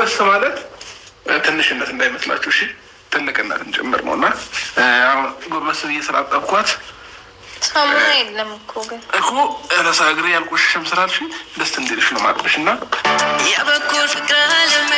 ጎንበስ ማለት ትንሽነት እንዳይመስላችሁ እሺ፣ ትልቅነት ጭምር ነው እና ጎንበስ ብዬ ስላጠብኳት ሳሙና የለም እኮ ግን እኮ ረሳ እግሬ ያልቆሽሽም ስላልሽ ደስ እንዲልሽ ነው ማጥበሽ እና የበኩር ፍቅር አለሜ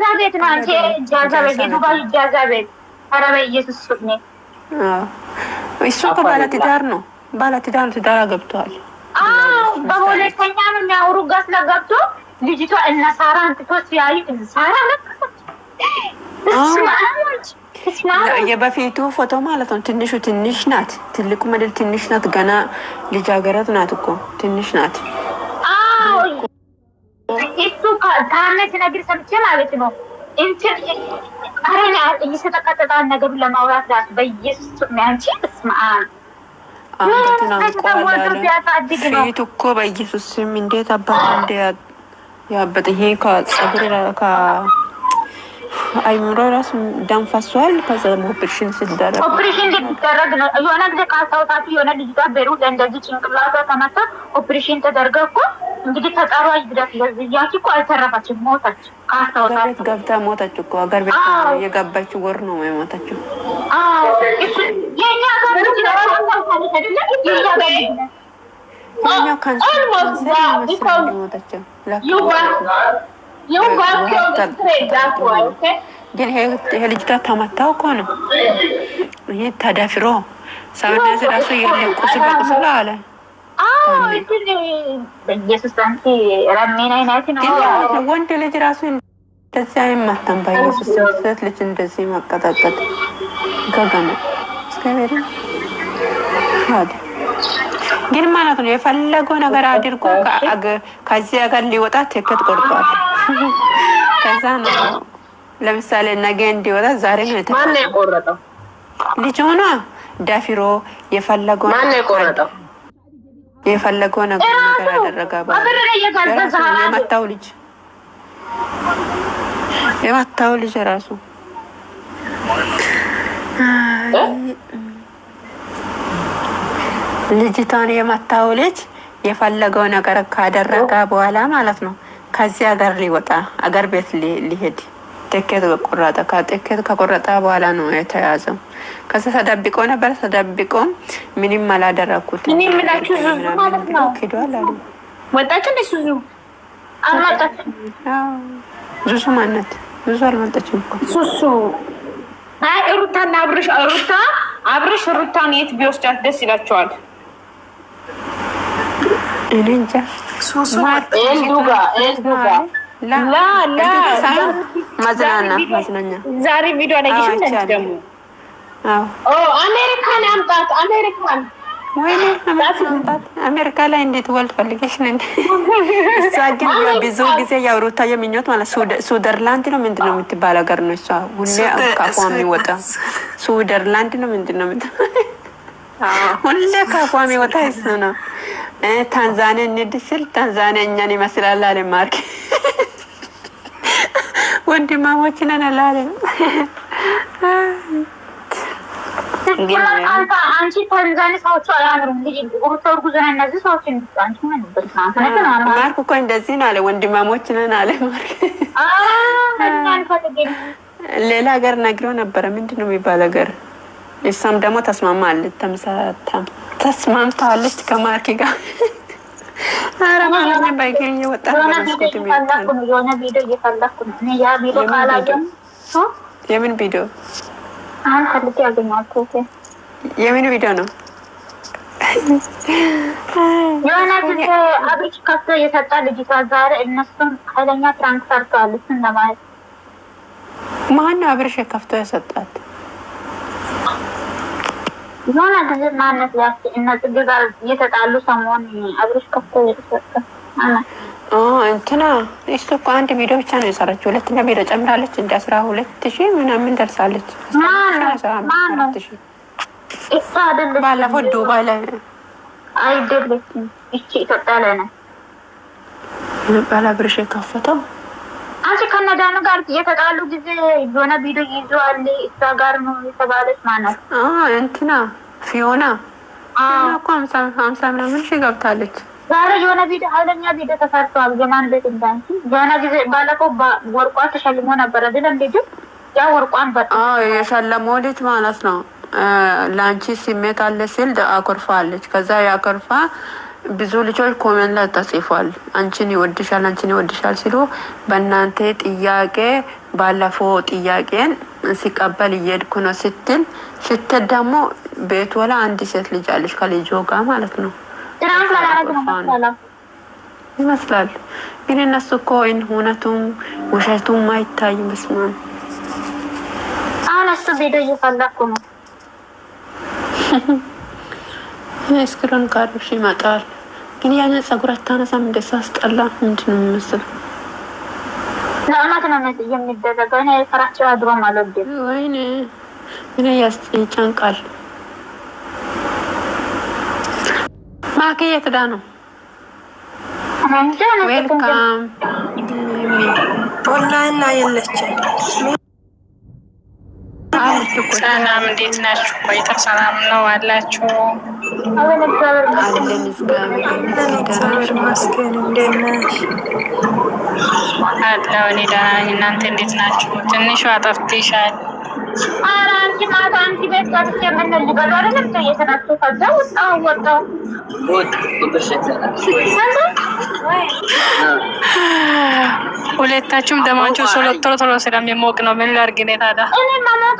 ጃዛ ቤት ነው። አንቺ ጃዛ ቤት የዱባይ ጃዛ ቤት። ኧረ በኢየሱስ ሱኔ እሱ እኮ ባለ ነው። ባለ ትዳር ትዳር ገብተዋል። በሁለተኛ ነው የሚያወሩ ጋር ስለገብቶ ልጅቷ እነ ሳራ አንጥቶ ሲያዩ ሳራ የበፊቱ ፎቶ ማለት ነው። ትንሹ ትንሽ ናት፣ ትልቁ መደል ትንሽ ናት። ገና ልጃገረት ናት እኮ ትንሽ ናት። ከሀና ሲነግር ሰምቼ ማለት ነው እንትን አረኛ እየተጠቀጠጣ ነገሩ ለማውራት ራሱ በኢየሱስ ሚያንቺ ስማ ሴት እኮ በኢየሱስ ስም እንዴት አባት እንደ ይሄ ከጸጉር አይምሮ ራሱ ደም ፈሷል። ከዛ ደግሞ ኦፕሬሽን ሲደረግ ኦፕሬሽን ሲደረግ ነው። የሆነ ጊዜ ካስታውሳችሁ የሆነ ልጅቷ ቤሩት እንደዚህ ጭንቅላቷ ተመታ ኦፕሬሽን ተደርገ እኮ እንግዲህ ተጠሯ ይድረስ ለዝያች እኮ አልተረፈችም፣ ሞተች። ካስታውሳችሁ ገብታ ሞታች እኮ ሀገር ቤት የገባች ወር ነው የሞተችው። የእኛ ሀገር ልጅ ነው አይደለ? የእኛ ግን ይሄ ልጅቷ ተመታው እኮ ነው። ይሄ ተደፍሮ ሰውነት ራሱ የለም ቁስል በቁስል አለ። ወንድ ልጅ ራሱ እንደዚህ አይመታም በኢየሱስ። ሴት ልጅ እንደዚህ ማቀጣቀጥ ገገመ እስከቤት ግን ማለት ነው የፈለገው ነገር አድርጎ ከዚህ ሀገር ሊወጣ ትኬት ቆርጧል። ከዛ ነው ለምሳሌ ነገ እንዲወጣ ዛሬ ነው የተ ማነው የቆረጠው? ልጅ ሆኗ ደፊሮ የፈለገው ማነው የቆረጠው? የፈለገው ነገር ነገር አደረገ። የመታው ልጅ የመታው ልጅ ራሱ ልጅቷን የመታው ልጅ የፈለገው ነገር ካደረገ በኋላ ማለት ነው ከዚህ ሀገር ሊወጣ አገር ቤት ሊሄድ ትኬት ቆረጠ። ከትኬት ከቆረጠ በኋላ ነው የተያዘው። ከዛ ተደብቆ ነበር። ተደብቆ ምንም አላደረኩት። እኔ የምላችሁ ዙዙ ማለት ነው ሄዷል አሉ እንደ ዙዙ አልመጣችም። ዙዙ ማነት ዙዙ አልመጣችም ሱሱ ሩታና አብርሽ ሩታ አብርሽ ሩታን የት ቢወስዳት ደስ ይላቸዋል? እኔ እንጃ ዛሬ ቪዲዮ ደግሞ አሜሪካን አምጣት አሜሪካን ወይኔ አሜሪካ ላይ እንዴት ወልድ ፈልገሽ ነን? እሷ ግን ብዙ ጊዜ የአውሮታ ሩታዬ ምኞት ማለት ሱደርላንድ ነው ምንድን ነው የምትባል ሀገር ነው። እሷ ሁሌ ካፏ የሚወጣ ሱደርላንድ ነው ምንድን ነው ሁሌ ካፏ የሚወጣ ነው። ታንዛኒያ እንሂድ ስል ታንዛኒያ እኛን ይመስላል አለ ማርክ። ወንድማሞች ነን አላለም። አንቺ ታንዛኒ ሰዎቹ አላምሩም። ማርክ እኮ እንደዚህ ነው አለ። ወንድማሞች ነን አለ ማርክ። ሌላ ሀገር ነግረው ነበረ። ምንድን ነው የሚባል ሀገር እሷም ደግሞ ተስማማ ተስማምታለች ከማርኬ ጋር። ኧረ ማርኬ ባይገኝ ወጣት የምን ቪዲዮ የምን ቪዲዮ ነው? የሆነ ጊዜ አብሪች ከፍቶ የሰጣ ልጅቷ ዛሬ እነሱም ኃይለኛ ትራንክ ሰርተዋል። እሱን ለማለት ማነው አብሪሽ ከፍቶ የሰጣት? የሆነ ጊዜ ማነት ያስ እነ ጽጌ ጋር እየተጣሉ ሰሞን አብሮሽ ከፍቶ እየተሰጠ እንትና እሱ እኮ አንድ ቪዲዮ ብቻ ነው የሰራችው። ሁለተኛ ቪዲዮ ጨምራለች። እንደ አስራ ሁለት ሺ ምናምን ደርሳለች። ባለፈው ዱባይ ላይ አይደለችም። ይቺ ኢትዮጵያ ላይ ነው ባለ ብርሽ የከፈተው አንቺ ከነዳኑ ጋር የተጣሉ ጊዜ የሆነ ቪዲዮ ይዟል። እሷ ጋር ነው የተባለች ማናት? እንትና ፊዮና እኮ ሀምሳ ምናምን ሺህ ገብታለች። ዛሬ የሆነ ቪዲዮ ኃይለኛ ቪዲዮ ተሰርተዋል። የማን ቤት እንዳንቺ የሆነ ጊዜ ባለፈው ወርቋ ተሸልሞ ነበረ። ዝለም ልጅ ያ ወርቋን በ የሸለመው ልጅ ማለት ነው። ለአንቺ ስሜት አለ ሲል አኮርፋለች። ከዛ ያኮርፋ ብዙ ልጆች ኮሜንት ላይ ተጽፏል፣ አንቺን ይወድሻል፣ አንቺን ይወድሻል ሲሉ በእናንተ ጥያቄ ባለፈው ጥያቄን ሲቀበል እየሄድኩ ነው ስትል ስትል ደግሞ ቤት ወላ አንድ ሴት ልጅ አለች ከልጆ ጋር ማለት ነው ይመስላል። ግን እነሱ እኮ ወይን እውነቱም ውሸቱም አይታይ መስማም አሁን እሱ ቤዶ እየፈለኩ ነው አይስክሬም ካሉሽ ይመጣል። ግን ያነ ጸጉር አታነሳም። እንደሱ አስጠላ። ምንድን ነው የምመስል ነው የሚደረገው። ወይኔ ያስጨንቃል። የት ዳ ነው? ዌልካም የለችም። ሰላም እንዴት ናችሁ? ቆይታ ሰላም ነው አላችሁ? አለን እግዚአብሔር እኔ ደህና ነኝ። እናንተ እንዴት ናችሁ? ትንሽ ጠፍቴሻል እንጂ ማታ ቤት አይደለም ከዛ ሁለታችሁም ደማቸው ሰው ቶሎ ቶሎ ስለሚሞቅ ነው። ምን ላድርግ እኔ ታዲያ። እኔ መሞቅ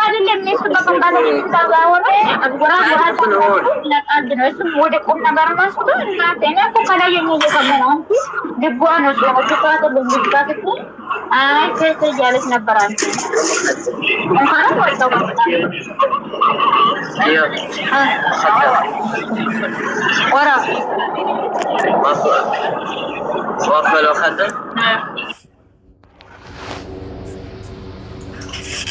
አይደለም እሱ ወደ ቁም ነገር طبعا ايوه ورا وافل وخدم نعم